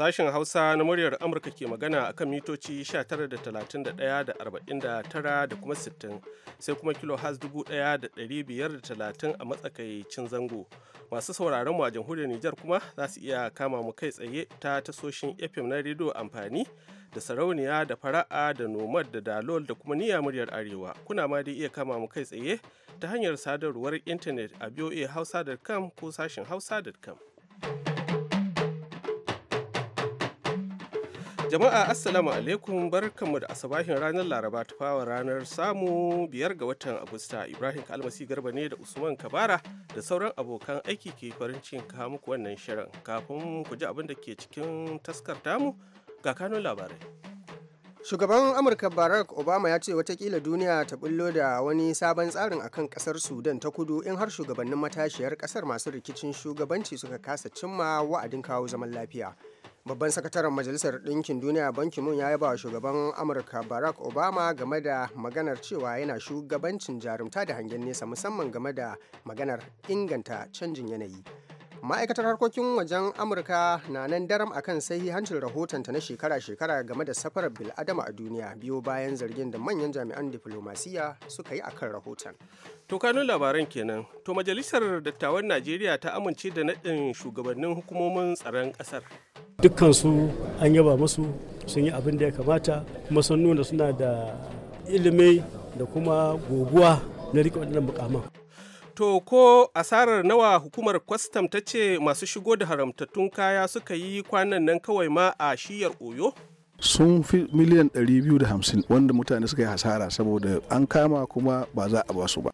Sashen Hausa na muryar Amurka ke magana akan mitoci 19.31 da kuma 60 sai kuma kilohaz 1530 a matsakaicin zango. Masu sauraron mu a jamhuriyar Nijar kuma za su iya kama mu kai tsaye ta tasoshin FM na rediyo amfani da sarauniya da fara'a da nomad da dalol da kuma niyyar muryar arewa kuna ma dai iya kama mu kai tsaye ta hanyar sadarwar intanet a voahausa.com ko sashen hausa.com. Jama'a Assalamu alaikum barkanmu da asabahin ranar Laraba ta fawa ranar samu biyar ga watan Agusta Ibrahim Kalmasi Garba ne da Usman Kabara da sauran abokan aiki ke farin cikin kawo muku wannan shirin kafin ku ji abin da ke cikin taskar tamu ga kanun labarai. Shugaban Amurka Barack Obama ya ce watakila duniya ta bullo da wani sabon tsarin akan kasar Sudan ta kudu in har shugabannin matashiyar kasar masu rikicin shugabanci suka kasa cimma wa'adin kawo zaman lafiya. babban sakataren majalisar ɗinkin duniya banki mun ya yaba wa shugaban amurka barack obama game da maganar cewa yana shugabancin jarumta da hangen nesa musamman game da maganar inganta canjin yanayi ma'aikatar harkokin wajen amurka na nan daram akan sahihancin rahotonta na shekara-shekara game da safarar bil'adama a duniya biyo bayan zargin da manyan jami'an diflomasiya suka yi akan rahoton to kanun labaran kenan to majalisar dattawan najeriya ta amince da naɗin shugabannin hukumomin tsaron ƙasar dukkansu an yaba masu sun yi abin da ya kamata kuma sun nuna suna da ilimi da kuma goguwa na riƙe waɗannan mukaman To ko asarar nawa hukumar kwastam ta ce masu shigo da haramtattun kaya suka yi kwanan nan kawai ma a shiyar Oyo? sun fi miliyan 250 wanda mutane suka yi hasara saboda an kama kuma ba za a basu ba.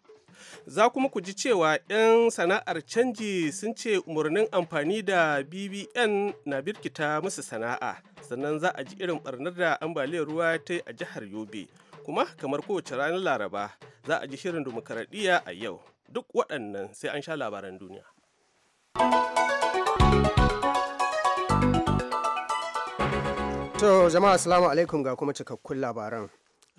Za kuma ku ji cewa 'yan sana'ar canji sun ce umarnin amfani da BBN na birkita musu sana'a, sannan za a ji irin barnar da ambaliyar ruwa ta yi a jihar Yobe. Kuma kamar kowace ranar Laraba za a ji shirin dimokuraɗiyya a yau. duk waɗannan sai an sha labaran duniya. To jama'a assalamu alaikum ga kuma cikakkun labaran.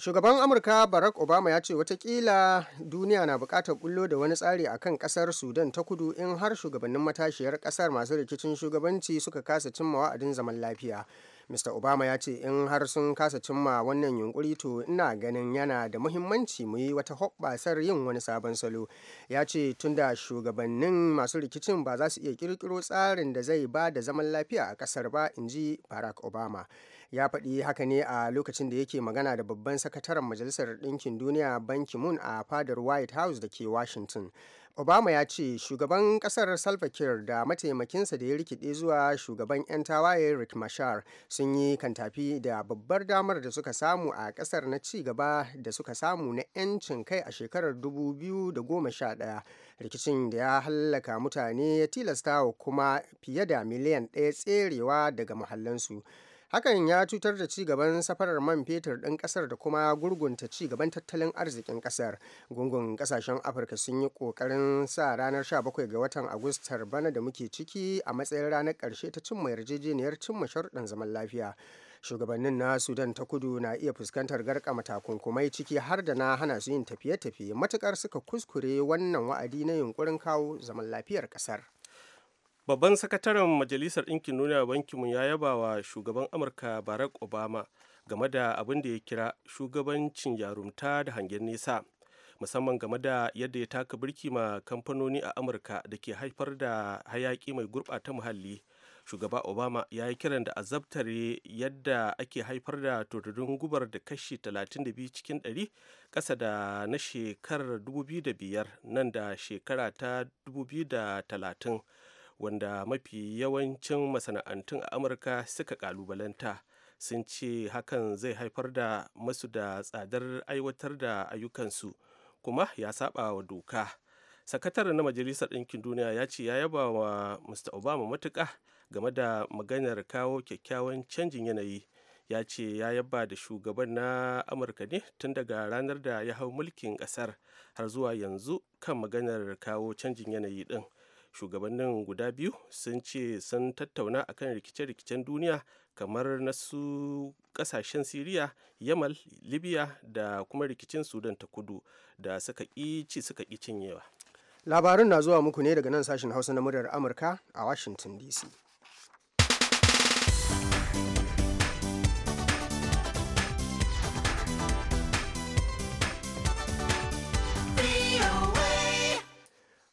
Shugaban Amurka Barack Obama ya ce watakila duniya na buƙatar bullo da wani tsari a kan ƙasar Sudan ta kudu in har shugabannin matashiyar ƙasar masu rikicin shugabanci suka kasa cimma wa'adin zaman lafiya. mr obama ya ce in har sun kasa cimma wannan yunkuri to ina ganin yana da muhimmanci mu yi wata hoɓɓasar yin wani sabon salo ya ce tun da shugabannin masu rikicin ba za su iya kirkiro tsarin da zai ba da zaman lafiya a ƙasar ba in ji barack obama ya faɗi haka ne a lokacin da yake magana da babban sakataren majalisar ɗinkin duniya ban ki-moon a fadar white house da ke washington obama ya ce shugaban kasar salvakir da mataimakinsa da ya rikide zuwa shugaban 'yan tawaye rick mashar sun yi kantafi da babbar damar da suka samu a kasar na ci gaba da suka samu na 'yancin kai a shekarar 2011 rikicin da ya hallaka mutane ya tilasta kuma fiye da miliyan ɗaya tserewa daga muhallansu. hakan ya cutar da ci gaban safarar man fetur ɗin ƙasar da kuma gurgunta ci gaban tattalin arzikin ƙasar gungun ƙasashen afirka sun yi ƙoƙarin sa ranar 17 ga watan agustar bana da muke ciki a matsayin ranar ƙarshe ta cimma yarjejeniyar cimma sharuɗan zaman lafiya shugabannin na sudan ta kudu na iya fuskantar garka takunkumai ciki har da na hana su yin tafiye-tafiye matukar suka kuskure wannan wa'adi na yunkurin kawo zaman lafiyar kasar babban sakataren majalisar ɗinkin duniya bankinmu ya yaba wa shugaban amurka barack obama game da abin da ya kira shugabancin yarumta da hangen nesa musamman game da yadda ya taka birki ma kamfanoni a amurka da ke haifar da hayaƙi mai gurɓata muhalli shugaba obama ya yi kiran da azabtare yadda ake haifar da tururin gubar da kashi 32 cikin 100 ƙasa da na shekarar 2005 nan da shekara ta 2030 wanda mafi yawancin masana'antun a amurka suka kalubalanta sun ce hakan zai haifar da masu da tsadar aiwatar da ayyukansu kuma ya saba wa doka sakataren na majalisar ɗinkin duniya ya ce ya yaba wa mr obama matuƙa game da maganar kawo kyakkyawan canjin yanayi ya ce ya yaba da shugaban na amurka ne tun daga ranar da ya hau mulkin ƙasar har zuwa yanzu kan maganar kawo canjin yanayi ɗin shugabannin guda biyu sun ce sun tattauna akan rikice-rikicen duniya kamar na su kasashen siriya yamal libya da kuma rikicin sudan ta kudu da suka ci suka cinyewa labarun na zuwa muku ne daga nan sashen hausa na muryar amurka a washington dc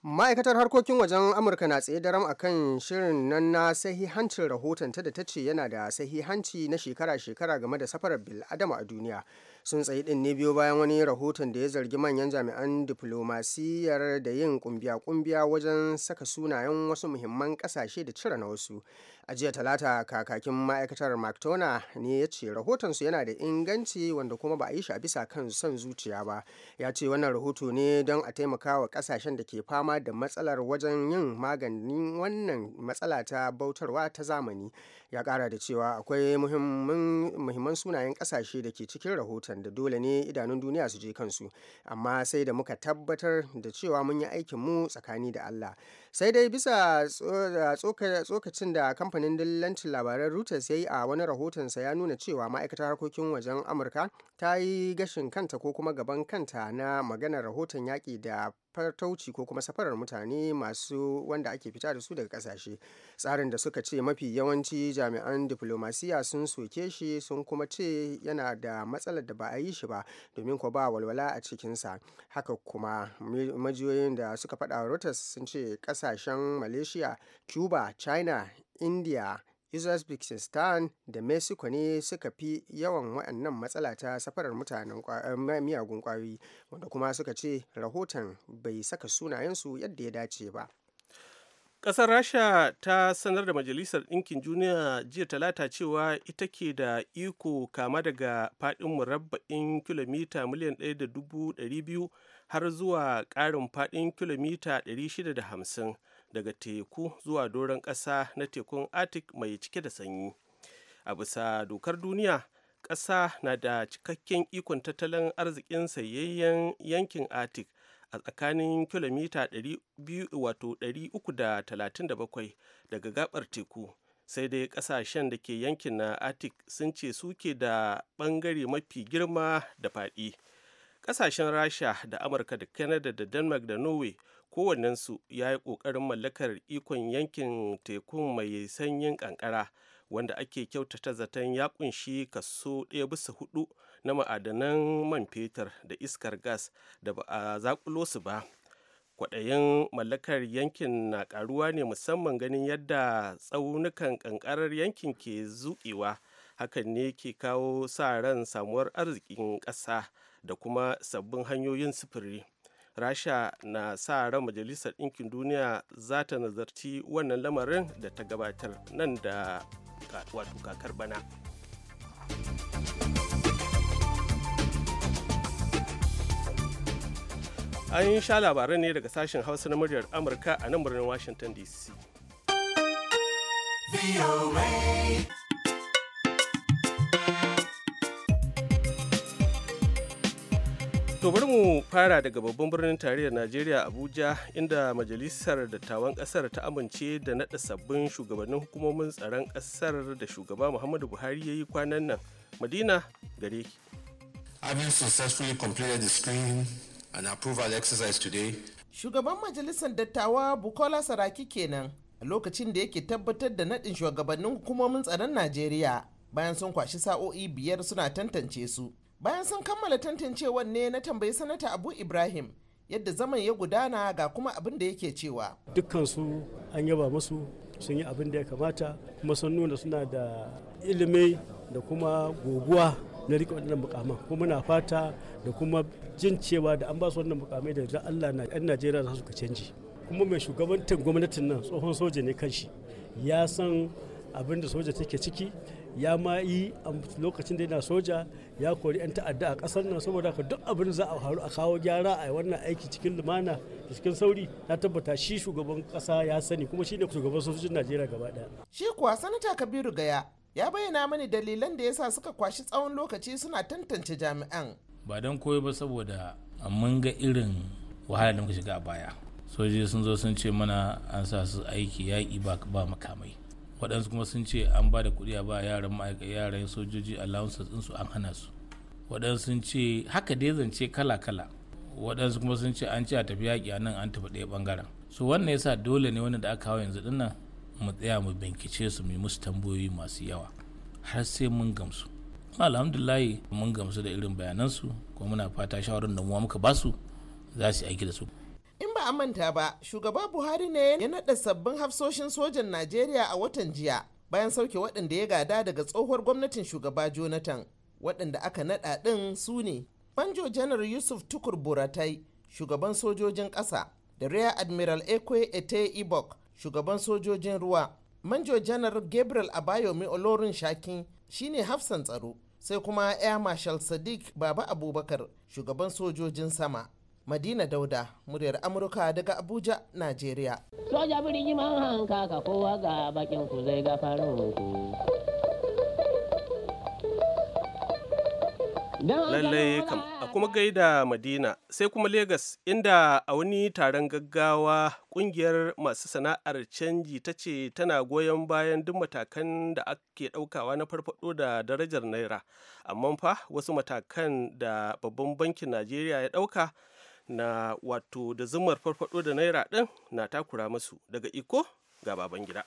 ma'aikatar harkokin wajen amurka na tsaye daram akan shirin nan na sahihancin rahotonta da ta ce yana da sahihanci na shekara-shekara game da safarar bil'adama a duniya sun tsayi din ne biyo bayan wani rahoton da ya zargi manyan jami'an diflomasiyar da yin kumbiya-kumbiya wajen saka sunayen wasu muhimman kasashe da cire na wasu a jiya talata kakakin ma'aikatar mactona ne ya ce rahotonsu yana da inganci wanda kuma ba a yi shi a bisa kan son zuciya ba ya ce wannan rahoto ne don a taimaka wa kasashen da ke fama da matsalar wajen yin maganin wannan matsala ta bautarwa ta zamani ya kara da cewa akwai muhimman sunayen kasashe da ke cikin rahoton da dole ne idanun duniya su je kansu amma sai da muka tabbatar da cewa mun yi aikinmu tsakani da allah sai dai bisa tsokacin da kamfanin dillancin labaran reuters ya yi a wani rahotonsa ya nuna cewa ma'aikatar harkokin wajen amurka ta yi gashin kanta ko kuma gaban kanta na maganar rahoton yaƙi da fartauci ko kuma safarar mutane masu wanda ake fita da su daga kasashe tsarin da suka ce mafi yawanci jami'an diplomasiya sun soke shi sun kuma ce yana da matsalar da ba a yi shi ba domin ko ba walwala a cikinsa haka kuma majiyoyin da suka faɗa rotas sun ce ƙasa kasashen malaysia cuba china india uzbekistan da mexico ne suka fi yawan waɗannan matsala ta safarar mutanen eh, miyagun kwayoyi wanda kuma suka ce rahoton bai saka sunayensu yadda ya dace ba ƙasar rasha ta sanar da majalisar ɗinkin duniya jiya talata cewa ita ke da iko kama daga faɗin murabba'in kilomita miliyan ɗaya har zuwa ƙarin faɗin kilomita 650 daga teku zuwa doron ƙasa na tekun arctic mai cike da sanyi a bisa dokar duniya ƙasa na da cikakken ikon tattalin arzikin sayayyen yankin arctic a tsakanin kilomita 337 daga gabar teku sai dai ƙasashen da ke yankin na arctic sun ce suke da ɓangare mafi girma da faɗi. kasashen Rasha da Amurka da Canada da Denmark da Norway kowannensu ya yi ƙoƙarin mallakar ikon yankin tekun mai sanyin kankara wanda ake kyautata zaton ya kunshi kaso ɗaya bisa hudu na ma'adanan man fetur da iskar gas da ba a zakulo su ba kwaɗayin mallakar yankin na ƙaruwa ne musamman ganin yadda tsaunukan ƙanƙarar yankin ke zuƙewa hakan ne ke kawo sa ran samuwar arzikin ƙasa da kuma sabbin hanyoyin sufuri rasha na sa ran majalisar ɗinkin duniya za ta nazarci wannan lamarin da ta gabatar nan da wato kakar bana an sha labarai ne daga sashen hausa na muryar amurka a nan birnin washington dc To bari mu fara daga babban birnin tarayyar Najeriya Abuja inda majalisar dattawan kasar ta amince da naɗa sabbin shugabannin hukumomin tsaron kasar da shugaba Muhammadu Buhari ya yi kwanan nan. Madina gare ki. Having successfully completed the screening and approval exercise today. Shugaban majalisar dattawa Bukola Saraki kenan a lokacin da yake tabbatar da naɗin shugabannin hukumomin tsaron Najeriya bayan sun kwashi sa'o'i biyar suna tantance su. bayan sun kammala tantancewar ne na tambayi sanata abu ibrahim yadda zaman ya gudana ga kuma abin da yake cewa dukkansu an yaba musu sun yi abin da ya kamata kuma sun nuna suna da ilimi da kuma goguwa na riƙe wannan mukaman kuma muna fata da kuma jin cewa da an ba su wannan mukamai da za Allah na yan Najeriya za su ka canji kuma mai shugabantar gwamnatin nan tsohon soja ne kanshi ya san abin da soja take ciki ya ma yi lokacin da yana soja ya kori 'yan ta'adda a kasar nan saboda ka duk abin za a haru a kawo gyara a wannan aiki cikin lumana da cikin sauri na tabbata shi shugaban kasa ya sani kuma shi ne shugaban sojojin najeriya gaba daya shi kuwa sanata kabiru gaya ya bayyana mani dalilan da yasa suka kwashi tsawon lokaci suna tantance jami'an ba don koyo ba saboda mun ga irin wahala da muka shiga a baya sojoji sun zo sun ce mana an sa su aiki yaƙi ba makamai waɗansu kuma sun ce an ba da kuɗi a ba yaran ma'aikata yaran sojoji allowances ɗinsu an hana su waɗansu sun ce haka dai zance kala-kala waɗansu kuma sun ce an ce a tafi yaƙi a nan an tafi ɗaya ɓangaren so wannan yasa dole ne wanda da aka kawo yanzu ɗin mu tsaya mu bincike su mu musu tambayoyi masu yawa har sai mun gamsu alhamdulillahi mun gamsu da irin bayanansu kuma muna fata shawarar da mu muka basu za su yi aiki da su ba a manta ba, shugaba Buhari ne ya naɗa sabbin hafsoshin sojan Najeriya a watan jiya bayan sauke waɗanda ya gada daga tsohuwar gwamnatin shugaba Jonathan. Waɗanda aka naɗa ɗin su ne Banjo Janar Yusuf Tukur Buratai, shugaban sojojin ƙasa, da Rear Admiral Ekwe Ete Ibok, shugaban sojojin ruwa. Manjo Janar Gabriel mai Olorin Shakin shine hafsan tsaro, sai kuma Air Marshal Sadiq Baba Abubakar, shugaban sojojin sama. Madina Dauda, muryar Amurka daga Abuja, Najeriya. Soja birni man hanka ka kowa ga bakin ku zai gafarin ku. Lallai kam, a kuma gaida Madina, sai kuma Legas inda a wani taron gaggawa kungiyar masu sana'ar canji ta ce tana goyon bayan duk matakan da ake ɗaukawa na farfado da darajar Naira, amma fa wasu matakan da babban bankin Najeriya ya ɗauka na wato da zumar farfado da naira ɗin na takura masu daga iko ga baban gida.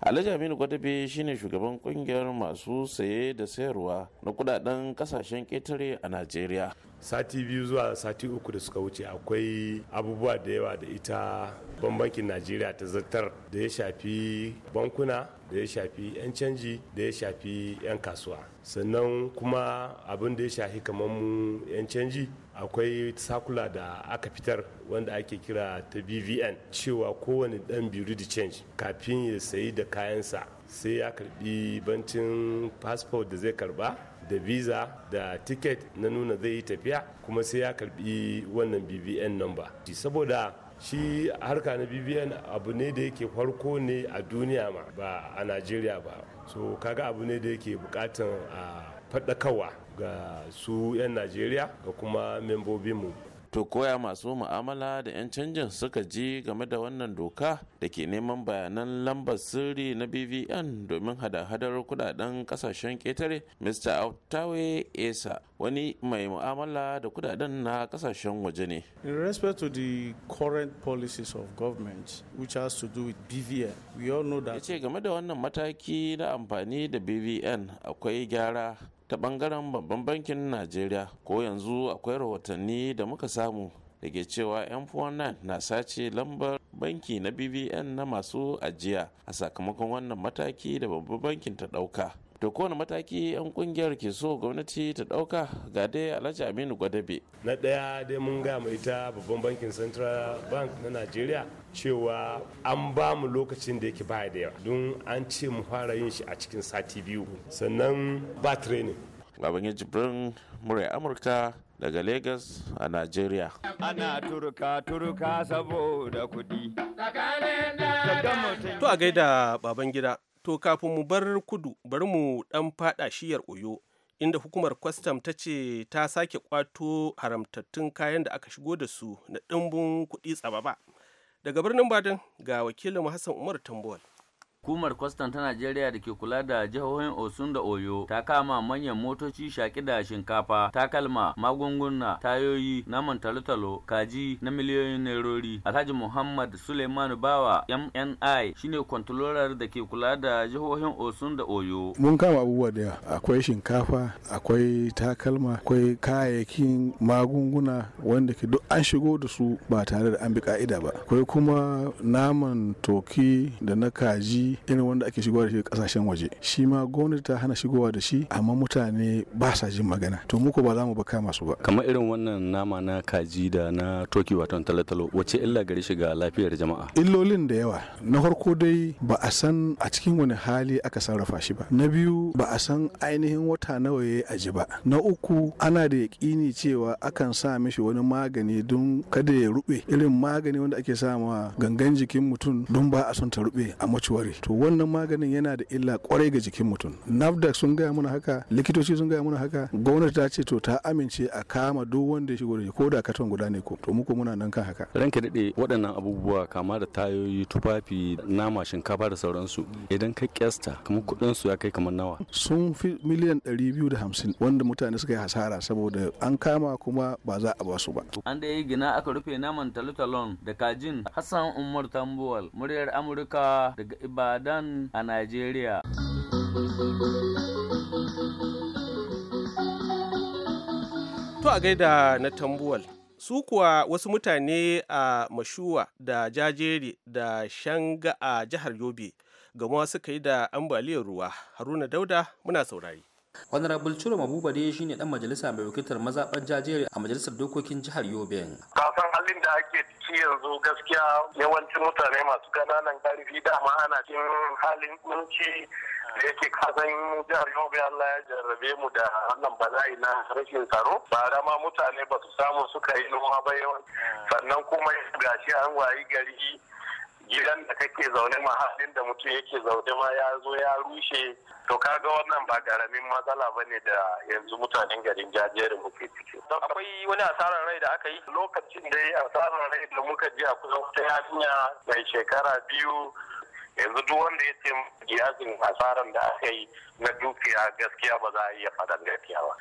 Alhaji Aminu Gwadabe shine shugaban kungiyar masu saye da sayarwa na kudaden kasashen ketare a Najeriya. Sati biyu zuwa sati uku da suka wuce akwai abubuwa da yawa da ita bankin Najeriya ta zartar da ya shafi bankuna da ya shafi 'yan canji da ya shafi 'yan kasuwa. Sannan kuma abin da ya shafi kamar mu 'yan canji akwai sakula da aka fitar wanda ake kira ta bvn cewa kowane dan biridi da change kafin ya sayi da kayansa sai ya karbi bancin passport da zai karba da visa da ticket na nuna zai yi tafiya kuma sai ya karbi wannan bvn number saboda shi harka na bbn abu ne da yake farko ne a duniya ma ba a najeriya ba so kaga abu ne da yake bukatan a faɗakawa ga su 'yan najeriya ga kuma membobinmu to koya masu mu'amala da 'yan canjin suka ji game da wannan doka da ke neman bayanan lambar sirri na bvn domin hada-hadar kudaden kasashen ketare mr autawe esa wani mai mu'amala da kudaden na kasashen waje ne in respect to the current policies of government which has to do with bvn we all know that yace game da wannan mataki na amfani da bvn akwai gyara ta bangaren babban bankin najeriya ko yanzu akwai rahotanni da muka samu da ke cewa yan nan na sace lambar banki na bbn na masu ajiya a sakamakon wannan mataki da babban bankin ta dauka to kowane mataki yan kungiyar ke so gwamnati ta dauka ga dai alhaji aminu gwadabe na daya dai mun ga mai ita babban bankin central bank na najeriya cewa an ba mu lokacin da yake baya da yawa don an ce mu fara yin shi a cikin sati biyu sannan ba training baban jibrin murai amurka daga lagos a nigeria ana turka turka saboda kudi to a gaida baban gida to kafin mu bar kudu bari mu dan fada shiyar oyo inda hukumar kwastam ta ce ta sake kwato haramtattun kayan da aka shigo da su na ɗimbin kuɗi tsababa daga birnin badin ga wakilin hassan umar tambuwal Hukumar kwastan ta Najeriya da ke kula da jihohin Osun da Oyo ta kama manyan motoci shaƙi da shinkafa, takalma, magunguna, tayoyi, naman talo-talo, kaji na miliyoyin nairori. Alhaji Muhammad Suleiman Bawa MNI shine kwantulorar da ke kula da jihohin Osun da Oyo. Mun kama abubuwa da akwai shinkafa, akwai takalma, akwai kayayyakin magunguna wanda ke duk an shigo da su ba tare da an bi ka'ida ba. Akwai kuma naman toki da na kaji irin wanda ake shigowa da shi kasashen waje shi ma gwamnati ta hana shigowa da shi amma mutane ba sa jin magana to muku ba za mu baka masu ba kamar irin wannan nama na kaji da na toki wato talotalo wace illa gare shi ga lafiyar jama'a illolin da yawa na farko dai ba a san a cikin wani hali aka sarrafa shi ba na biyu ba a san ainihin wata nawa ya aji ba na uku ana da yaƙini cewa akan sa mishi wani magani don kada ya rube irin magani wanda ake sa ma gangan jikin mutum don ba a son ta rube a maciware to wannan maganin yana da illa kwarai ga jikin mutum nafdac sun gaya mana haka likitoci sun gaya mana haka gwamnati ta ce to ta amince a kama duk wanda ya shigo da ko da katon guda ne ko to muku muna nan kan haka ranka dade waɗannan abubuwa kama da tayoyi tufafi nama shinkafa da sauransu idan ka kyasta kuma kuɗin su ya kai kamar nawa sun fi miliyan 250 wanda mutane suka yi hasara saboda an kama kuma ba za a ba su ba an da yi gina aka rufe naman talotalon da kajin hassan umar tambuwal muryar amurka daga iba Ibadan a Najeriya. To a gaida na tambuwal. Su kuwa wasu mutane a Mashuwa da Jajeri da Shanga a jihar Yobe gama suka yi da ambaliyar ruwa. Haruna Dauda muna saurari. honorable Chiro mabuba dai shine dan majalisa mai wakiltar mazaɓar jajere a majalisar dokokin jihar yobe kasan halin da ake ciki yanzu gaskiya yawancin mutane masu ƙananan ƙarfi dama ana cikin halin kunci da yake kasan jihar yobe allah ya jarrabe mu da wannan bala'i na rashin tsaro ba ma mutane ba su samu suka yi noma ba yawan sannan kuma gashi an wayi gari gidan da kake zaune ma halin da mutum yake zaune ma ya zo ya rushe to kaga wannan ba karamin matsala ba ne da yanzu mutanen garin jajerin muke ciki. akwai wani asarar rai da aka yi lokacin da asarar rai da muka ji a kusa wata yarinya mai shekara biyu yanzu duk wanda ya ce giyasin asaran da aka yi na dukiya gaskiya ba za a iya faɗan gaskiya ba.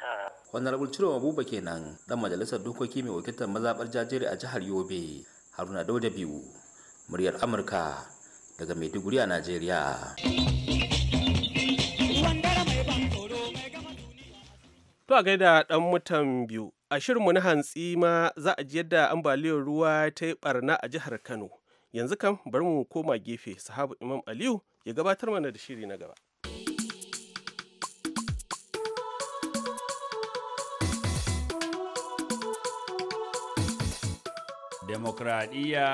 honorable ciro abuba kenan dan majalisar dokoki mai wakiltar mazaɓar jajeri a jihar yobe haruna dauda biyu muryar amurka daga maiduguri a najeriya to a gaida dan mutan biyu a shirinmu na hantsi ma za a ji yadda ambaliyar ruwa ta yi barna a jihar kano yanzu kan bari mu koma gefe sahabu imam aliyu ya gabatar mana da shiri na gaba demokradiyya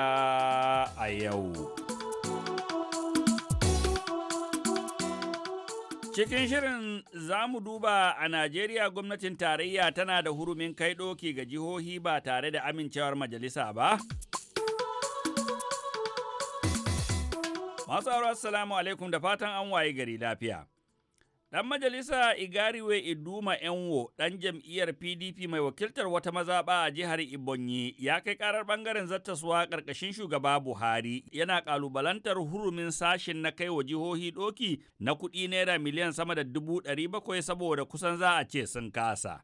a yau. Cikin shirin zamu duba a Najeriya gwamnatin tarayya tana da hurumin kai ɗoki ga jihohi ba tare da amincewar majalisa ba? Masu aure, Assalamu alaikum da fatan an waye gari lafiya. Ɗan majalisa Igariwe Iduma Enwo, ɗan jam'iyyar PDP mai wakiltar wata mazaɓa a jihar Ibonyi, ya kai ƙarar ɓangaren zattaswa ƙarƙashin shugaba Buhari, yana ƙalubalantar hurumin sashin na kai wa jihohi ɗoki na kuɗi naira miliyan sama da dubu ɗari bakwai saboda kusan za a ce sun kasa.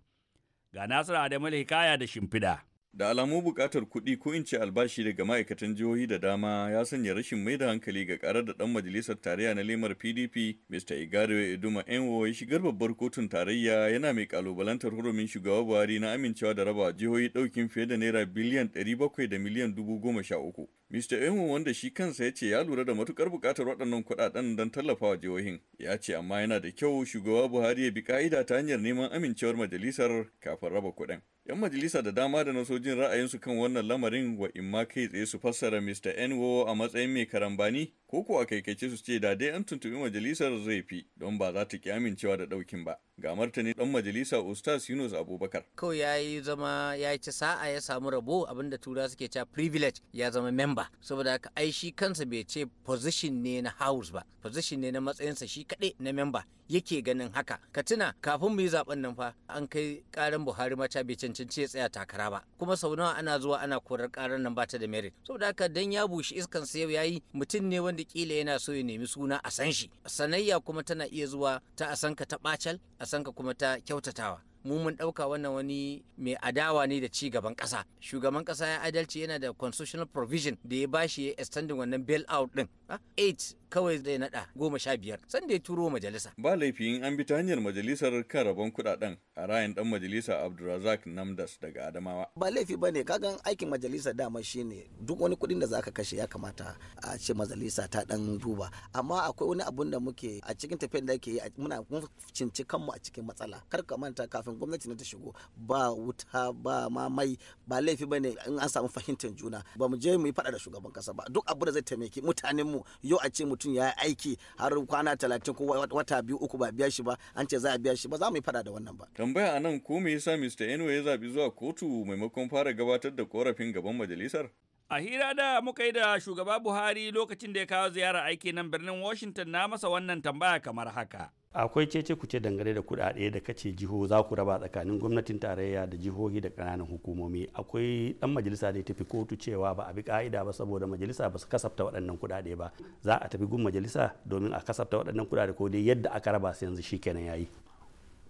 Ga Nasiru Adamu Hikaya da Shimfiɗa. Da alamu bukatar kuɗi ko in ce albashi daga ma'aikatan jihohi da dama ya sanya rashin mai da hankali ga karar da ɗan majalisar tarayya na lemar PDP, Mr. Igario Eduma Enwo ya shigar babbar kotun tarayya yana mai kalubalantar hurumin shugaba Buhari na amincewa da raba jihohi ɗaukin fiye da naira biliyan ɗari bakwai da miliyan dubu goma sha uku. Mr. Enwo wanda shi kansa ya ce ya lura da matukar bukatar waɗannan kuɗaɗen don tallafawa jihohin. Ya ce amma yana da kyau shugaba Buhari ya bi ka'ida ta hanyar neman amincewar majalisar kafin raba kuɗin. 'Yan majalisa da dama da nasojin ra'ayinsu kan wannan lamarin wa imma kai tsaye su fassara Mr. n.o a matsayin mai karambani ko ko a kaikaice su ce da dai an tuntubi majalisar zai fi don ba za ta ki amincewa da ɗaukin ba. ga martani dan majalisa ustaz yunus abubakar kawai ya yi zama ya ci sa'a ya samu rabo abinda tura suke cewa privilege ya zama member saboda haka ai shi kansa bai ce position ne na house ba position ne na matsayinsa shi kaɗai na member yake ganin haka ka tuna kafin mu yi zaben nan fa an kai karin buhari mata bai cancanci ya tsaya takara ba kuma sau nawa ana zuwa ana korar karar nan bata da merit saboda haka dan ya bushe iskan sa ya yi mutum ne wanda kila yana so ya nemi suna a san shi sanayya kuma tana iya zuwa ta a ta bacal a sanka kuma ta kyautatawa mu mun ɗauka wannan wani mai adawa ne da ci gaban ƙasa shugaban ƙasa ya adalci yana da constitutional provision da ya bashi ya extending wannan bail out din 8 ah, kawai zai nada goma sha biyar sanda ya turo majalisa. Ba laifi in an bi ta hanyar majalisar kan rabon kuɗaɗen a rayan ɗan majalisa Abdulrazak Namdas daga Adamawa. Ba laifi ba ne kagan aikin majalisa dama ne duk wani kuɗin da zaka kashe ya kamata a ce majalisa ta ɗan duba amma akwai wani abun da muke a cikin tafiyar da ake yi muna mun cinci kanmu a cikin matsala kar ka manta kafin kan gwamnati na ta shigo ba wuta ba ma mai ba laifi bane in an samu fahimtar juna ba mu je mu yi fada da shugaban kasa ba duk abu da zai taimaki mutanen mu yau a ce mutum ya yi aiki har kwana talatin ko wata biyu uku ba biya shi ba an ce za a biya shi ba za mu yi fada da wannan ba tambaya a nan ko me yasa Mr. enwe ya zabi zuwa kotu maimakon fara gabatar da korafin gaban majalisar A hira da muka yi da shugaba Buhari lokacin da ya kawo ziyara aiki nan birnin Washington na masa wannan tambaya kamar haka. Akwai cece kuce dangane da kuɗaɗe da kace jiho za ku raba tsakanin gwamnatin tarayya da jihohi da ƙananan hukumomi. Akwai dan majalisa da ya tafi kotu cewa ba a bi ƙa'ida ba saboda majalisa ba su kasafta waɗannan kuɗaɗe ba. Za a tafi gun majalisa domin a kasafta waɗannan kuɗaɗe ko dai yadda aka raba su yanzu shi kenan yayi.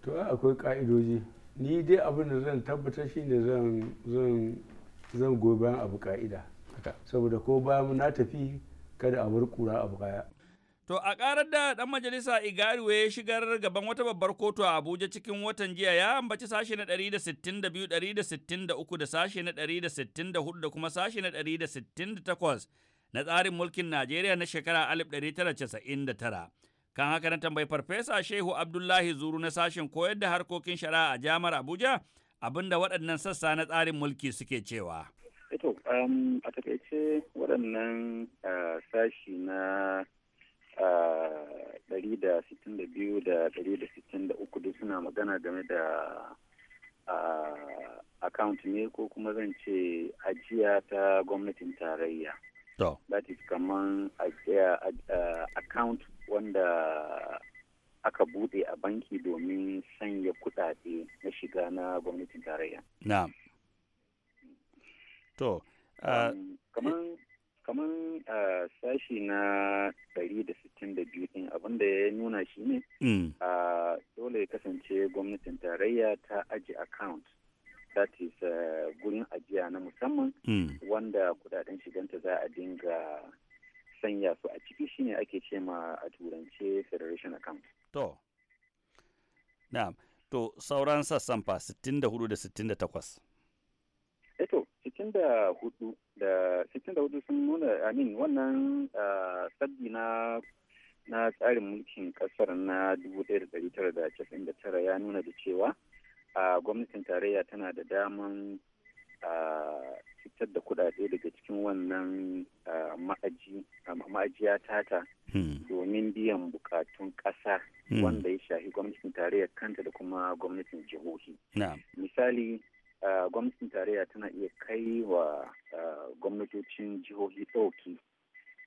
To akwai ƙa'idoji. Ni dai abin da zan tabbatar shi ne zan zan goyi bayan abu ka'ida saboda ko bayan na tafi kada a bar kura abu kaya To a karar da ɗan majalisa Igariwe ya shigar gaban wata babbar kotu a Abuja cikin watan jiya ya ambaci sashe na 162, 163 da sashe na 164 da kuma sashe na 168 na tsarin mulkin Najeriya na shekara 1999. Kan haka na tambayi Farfesa Shehu Abdullahi Zuru na sashen koyar da harkokin shari'a a Jamar Abuja abinda waɗannan sassa na tsarin mulki suke cewa. Eto, eh um, a takaice waɗannan uh, sashi na uh, ɗari da sittin da biyu da ɗari da sittin da uku duk suna magana game da uh, account ne ko kuma zan ce ajiya ta gwamnatin tarayya. To. That is kaman account wanda aka bude a banki domin sanya kudade na shiga na gwamnatin tarayya. Na'am. To, uh, um, kamar uh, sashi na 162 din abinda ya nuna shi ne mm. uh, dole ya kasance gwamnatin tarayya ta aji account that is gurin ajiya na musamman mm. wanda kudaden shiganta za a dinga sanya su a ciki shine ake ce ma a turance federation account to na, to sauran sassan fa 64 da 68 eto 64 da 64 eh sun nuna amin wannan ah, sabbi na na tsarin mulkin kasar na 1999 ya nuna da cewa a ah, gwamnatin tarayya tana da daman fitar da kudade daga cikin wannan ma'ajiya tata hmm. domin biyan bukatun ƙasa hmm. wanda ya shafi gwamnatin tarayya kanta da kuma gwamnatin jihohi. Misali, gwamnatin tarayya tana iya kai wa gwamnatocin jihohi ɗauki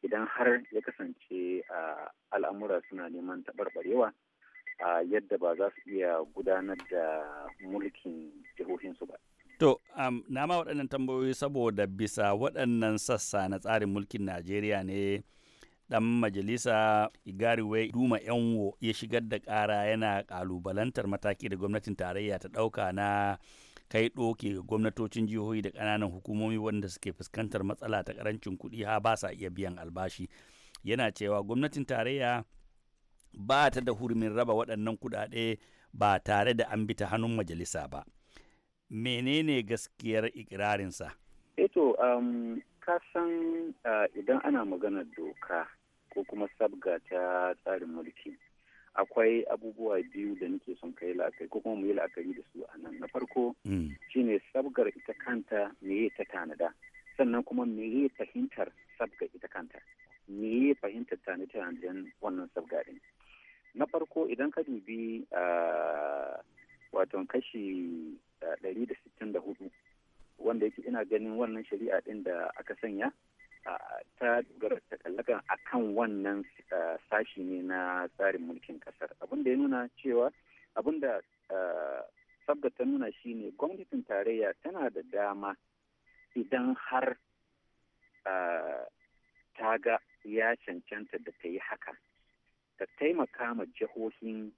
idan har ya kasance al'amura suna neman taɓarɓarewa yadda ba za su iya gudanar da mulkin jihohinsu ba. To, um, na ma waɗannan tambayoyi saboda bisa waɗannan sassa na tsarin mulkin Najeriya ne ɗan majalisa Igariwe Duma Yanwo ya shigar da ƙara yana ƙalubalantar mataki da gwamnatin tarayya ta ɗauka na kai ɗoke gwamnatocin jihohi da ƙananan hukumomi wanda suke fuskantar matsala ta ƙarancin kuɗi ha ba sa iya biyan albashi. Yana cewa gwamnatin tarayya ba ta da hurumin raba waɗannan kuɗaɗe ba tare da an bi ta hannun majalisa ba. menene gaskiyar ikirarinsa? Eto, eh um, kasan uh, idan ana magana doka ko kuma sabga ta tsarin mulki akwai abubuwa biyu da nake son kai la'akari ko kuma mu yi la'akari da su a nan na farko mm. shine sabgar ita kanta meye ta tanada sannan kuma meye fahimtar sabgar ita kanta meye fahimtar tanade wannan sabga din na farko idan ka dubi uh, wato kashi ɗari hudu wanda yake ina ganin wannan shari'a ɗin da aka sanya ta dogara ta kallaka a kan wannan sashi ne na tsarin mulkin kasar abin da ya nuna cewa abin da sabda ta nuna shi ne gwamnatin tarayya tana da dama idan har ta ga ya cancanta da ta yi haka ta taimaka ma jihohin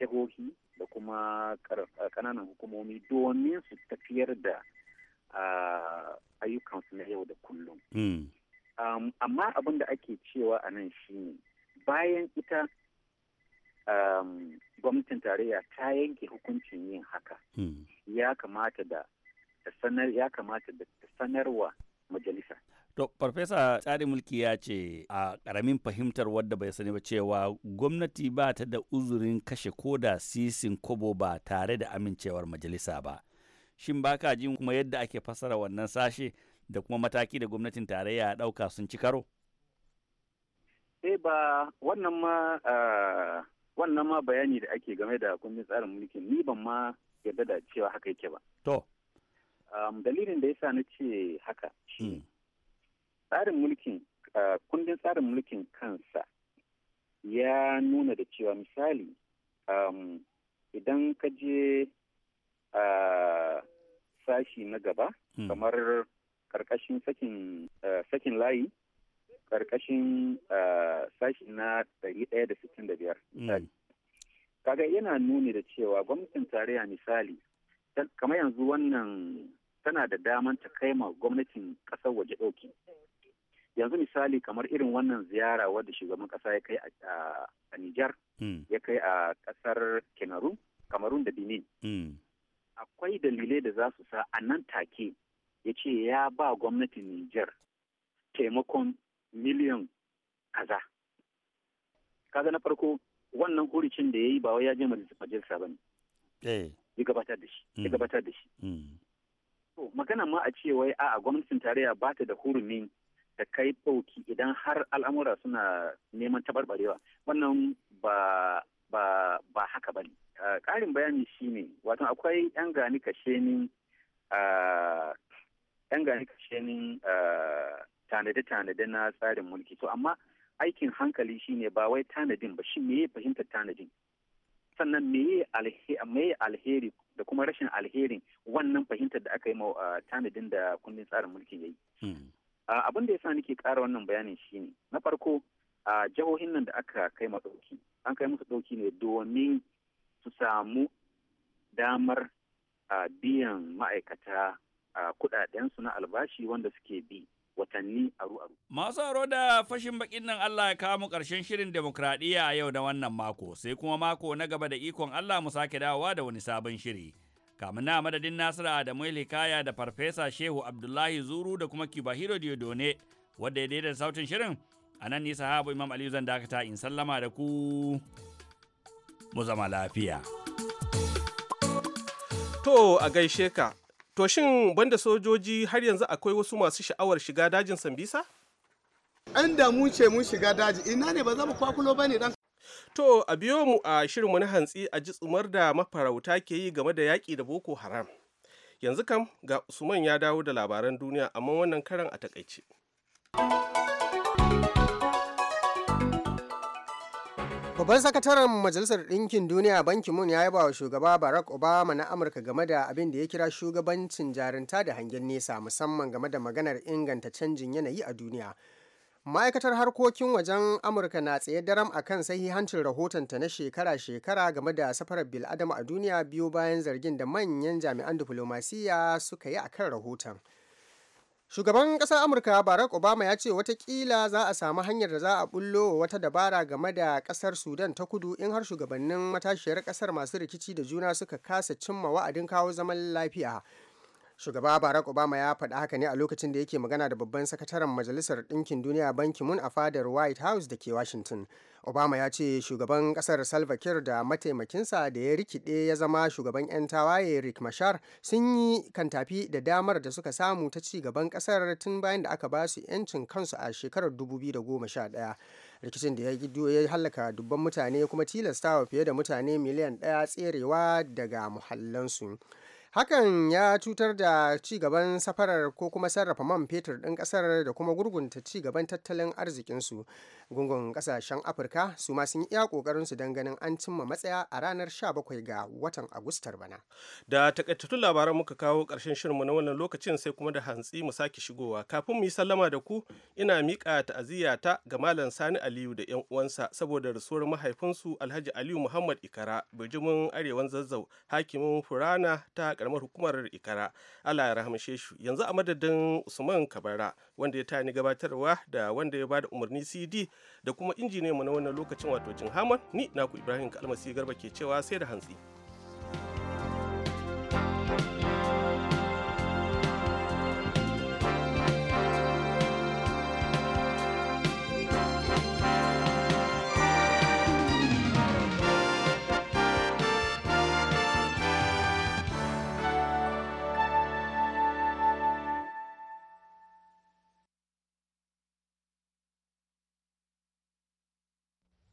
jihohi da kuma kananan hukumomi domin su tafiyar da ayyukansu na yau da kullum. Hmm. Amma abin da ake cewa a nan shi ne bayan ita gwamnatin tarayya ta yanke hukuncin yin haka hmm. ya kamata da ya kamata da sanarwa majalisa. To, Farfesa tsarin mulki ya ce a ƙaramin fahimtar wadda bai sani ba cewa gwamnati ba ta da uzurin kashe koda sisin kobo ba tare da amincewar majalisa ba. Shin ba ka jin kuma yadda ake fassara wannan sashe da kuma mataki da gwamnatin tarayya ɗauka sun ci karo? Eh ba wannan ma wannan ma bayani da ake game da kundin tsarin mulkin ni ban ma yarda da cewa haka yake ba. To. dalilin da yasa na ce haka. Hmm. shi. tsarin mulkin kundin tsarin mulkin kansa ya nuna da cewa misali idan ka je sashi na gaba hmm. kamar karkashin sakin layi karkashin sashi na 165 hmm. kaga yana nuni da cewa gwamnatin tarayya misali kamar yanzu wannan tana da daman ta kai ma gwamnatin kasar waje ɗauki yanzu misali kamar irin wannan ziyara wadda shugaban kasa ya kai a Nijar hmm. ya kai a kasar kenaru Kamarun da Benin hmm. akwai dalilai da za su sa a nan take ya ce ya ba gwamnatin Nijar taimakon miliyan kaza kaga na farko wannan huricin da ya yi ba wai ya je majalisa ba ne eh. ya gabatar da shi hmm. magana ma a ce wai a gwamnatin tarayya ba ta da hurumin ta kai ɗauki idan har al'amura suna neman tabarbarewa wannan ba ba ba haka ba ne ƙarin bayani shine wato akwai yan gani kashenin yan gani kashenin tanade-tanade na tsarin mulki to amma aikin hankali shine ba wai tanadin ba shi meye fahimtar tanadin sannan meye alheri da kuma rashin alherin wannan fahimtar da aka yi ma tanadin da kundin tsarin mulki yayi hmm. abin da ya sa nake kara wannan bayanin shi ne na farko a jihohin nan da aka kai ma ɗauki an kai musu ɗauki ne domin su samu damar biyan ma'aikata a kuɗaɗensu na albashi wanda suke bi watanni aru-aru. Masu aro da fashin bakin nan Allah ya kawo mu ƙarshen shirin demokradiyya yau da wannan mako, sai kuma mako na gaba da ikon Allah mu sake dawowa da wani sabon shiri. kamun na madadin da mai likaya da Farfesa Shehu Abdullahi Zuru da kuma Kiba Hiro Diodone wadda ya daidaita sautin shirin a nan nisa habu Imam Aliyu zan dakata in sallama da ku mu zama lafiya. To a gaishe ka, to shin banda sojoji har yanzu akwai wasu masu sha'awar shiga dajin Sambisa? An damu ce mun shiga daji, ina ne ba za mu kwakulo ba ne dan To a biyo mu a shirinmu na hantsi a ji tsumar da mafarauta ke yi game da yaƙi da Boko Haram. Yanzu kam ga Usman ya dawo da labaran duniya amma wannan karan a takaice. Babban sakataren Majalisar Ɗinkin Duniya Ban Ki-moon ya yaba wa shugaba Barack Obama na Amurka game da abin da ya kira shugabancin jarinta da hangen nesa musamman game da maganar inganta canjin yanayi a duniya. ma'aikatar harkokin wajen amurka na tsaye daram a kan sahihancin rahotonta na shekara-shekara game da safarar bil'adama a duniya biyu bayan zargin da manyan jami'an diflomasiyya suka yi a kan rahoton shugaban ƙasar amurka barack obama ya ce watakila za a samu hanyar da za a bullo wata dabara game da ƙasar sudan ta kudu in har shugabannin matashiyar ƙasar masu rikici da juna suka kasa cimma wa'adin kawo zaman lafiya shugaba barack obama ya faɗa haka ne a lokacin da yake magana da babban sakataren majalisar ɗinkin duniya banki mun a fadar white house da ke washington obama ya ce shugaban ƙasar salva kiir da mataimakinsa da ya rikide ya zama shugaban 'yan tawaye rick mashar sun yi kantafi da damar da suka samu ta ci gaban ƙasar tun bayan da aka ba su 'yancin kansu a shekarar 2011 rikicin da ya ya hallaka dubban mutane kuma tilastawa fiye da mutane miliyan ɗaya tserewa daga muhallansu. hakan ya cutar da ci gaban safarar ko kuma sarrafa man fetur ɗin ƙasar da kuma gurgunta ci gaban tattalin arzikinsu gungun kasashen afirka su ma sun iya kokarin su ganin an cimma matsaya a ranar 17 ga watan agustar bana da takaitattun labaran muka kawo karshen shirinmu na wannan lokacin sai kuma da hantsi mu sake shigowa kafin mu yi sallama da ku ina miƙa ta'aziyya ta ga malam sani aliyu da yan uwansa saboda rasuwar mahaifinsu alhaji aliyu muhammad ikara bijimin arewan zazzau hakimin furana ta karamar hukumar ikara allah ya rahamshe shi yanzu a madadin usman kabara wanda ya tani gabatarwa da wanda ya bada umarni cd da kuma mu na wannan lokacin wato jin hamar ni naku ibrahim kalmasi garba ke cewa sai da hantsi.